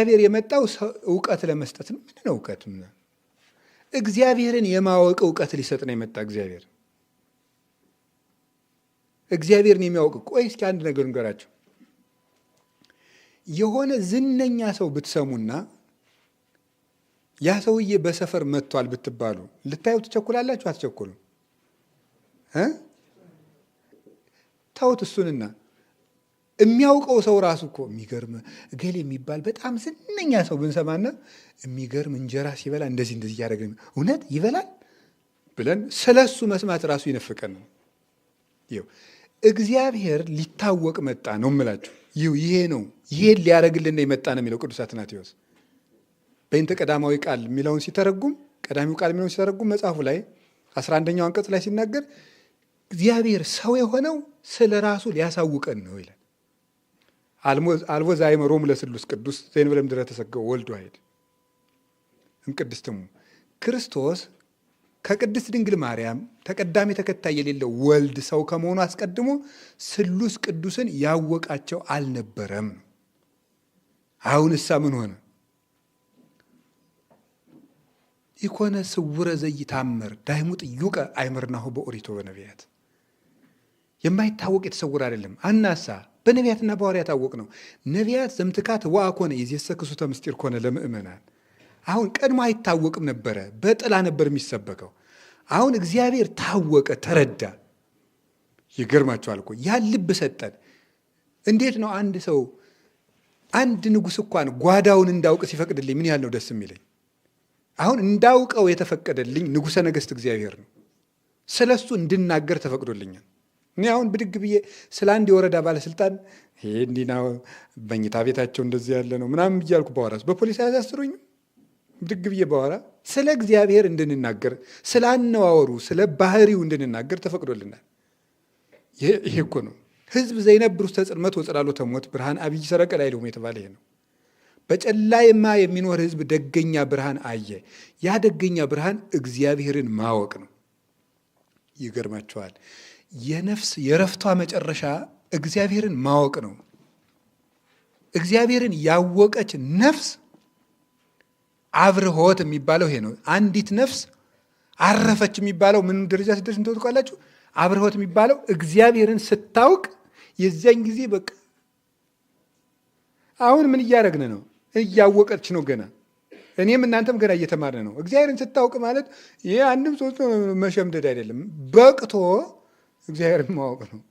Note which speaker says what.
Speaker 1: እግዚአብሔር የመጣው እውቀት ለመስጠት ነው። ምንድን ነው እውቀት? እግዚአብሔርን የማወቅ እውቀት ሊሰጥ ነው የመጣ እግዚአብሔር እግዚአብሔርን የሚያውቅ ቆይ እስኪ አንድ ነገር እንገራቸው። የሆነ ዝነኛ ሰው ብትሰሙና ያ ሰውዬ በሰፈር መጥቷል ብትባሉ ልታዩ ትቸኩላላችሁ? አትቸኩሉም? ተውት እሱንና የሚያውቀው ሰው ራሱ እኮ የሚገርም እገሌ የሚባል በጣም ዝነኛ ሰው ብንሰማና የሚገርም እንጀራ ሲበላ እንደዚህ እንደዚህ እያደረገ እውነት ይበላል ብለን ስለሱ መስማት ራሱ ይነፍቀን ነው። ይኸው እግዚአብሔር ሊታወቅ መጣ ነው የምላችሁ። ይሄ ነው ይሄን ሊያደርግልን የመጣ ነው የሚለው ቅዱስ አትናቴዎስ በይንተ ቀዳማዊ ቃል የሚለውን ሲተረጉም ቀዳሚው ቃል የሚለውን ሲተረጉም መጽሐፉ ላይ 11ኛው አንቀጽ ላይ ሲናገር እግዚአብሔር ሰው የሆነው ስለ ራሱ ሊያሳውቀን ነው ይላል። አልቦ ዛይመሮሙ ለስሉስ ቅዱስ ዘእንበለ ምድረ ተሰገው ወልዱ አይድ እምቅድስትሙ ክርስቶስ ከቅድስት ድንግል ማርያም ተቀዳሚ ተከታይ የሌለው ወልድ ሰው ከመሆኑ አስቀድሞ ስሉስ ቅዱስን ያወቃቸው አልነበረም። አሁን እሳ ምን ሆነ? ኢኮነ ስውረ ዘይታመር ዳይሙ ጥዩቀ አይምርናሁ በኦሪቶ በነቢያት የማይታወቅ የተሰውር አይደለም አናሳ በነቢያትና በሐዋርያት አወቅ ነው። ነቢያት ዘምትካት ዋ ኮነ የዜሰክሱተ ምስጢር ኮነ ለምእመናን። አሁን ቀድሞ አይታወቅም ነበረ፣ በጥላ ነበር የሚሰበከው። አሁን እግዚአብሔር ታወቀ፣ ተረዳ። ይገርማችኋል እኮ ያን ልብ ሰጠን። እንዴት ነው አንድ ሰው አንድ ንጉሥ እንኳን ጓዳውን እንዳውቅ ሲፈቅድልኝ ምን ያህል ነው ደስ የሚለኝ። አሁን እንዳውቀው የተፈቀደልኝ ንጉሠ ነገሥት እግዚአብሔር ነው። ስለ እሱ እንድናገር ተፈቅዶልኛል። እኔ አሁን ብድግ ብዬ ስለ አንድ የወረዳ ባለስልጣን ይሄ እንዲና መኝታ ቤታቸው እንደዚህ ያለ ነው ምናምን እያልኩ በኋላ በፖሊስ አያሳስሩኝም። ብድግ ብዬ በኋላ ስለ እግዚአብሔር እንድንናገር ስለ አነዋወሩ ስለ ባህሪው እንድንናገር ተፈቅዶልናል። ይሄ እኮ ነው ህዝብ ዘይነብር ውስተ ጽልመት ወጽላሎ ተሞት ብርሃን አብይ ሰረቀ ላዕሌሆሙ የተባለ ይሄ ነው። በጨለማ የሚኖር ህዝብ ደገኛ ብርሃን አየ። ያ ደገኛ ብርሃን እግዚአብሔርን ማወቅ ነው። ይገርማቸዋል። የነፍስ የረፍቷ መጨረሻ እግዚአብሔርን ማወቅ ነው። እግዚአብሔርን ያወቀች ነፍስ አብርሆት የሚባለው ይሄ ነው። አንዲት ነፍስ አረፈች የሚባለው ምን ደረጃ ስደርስ እንትወጥቃላችሁ። አብርሆት የሚባለው እግዚአብሔርን ስታውቅ የዚያን ጊዜ በቃ አሁን ምን እያደረግን ነው? እያወቀች ነው ገና እኔም እናንተም ገና እየተማርን ነው። እግዚአብሔርን ስታውቅ ማለት ይህ አንድም ሶስት መሸምደድ አይደለም። በቅቶ እግዚአብሔርን ማወቅ ነው።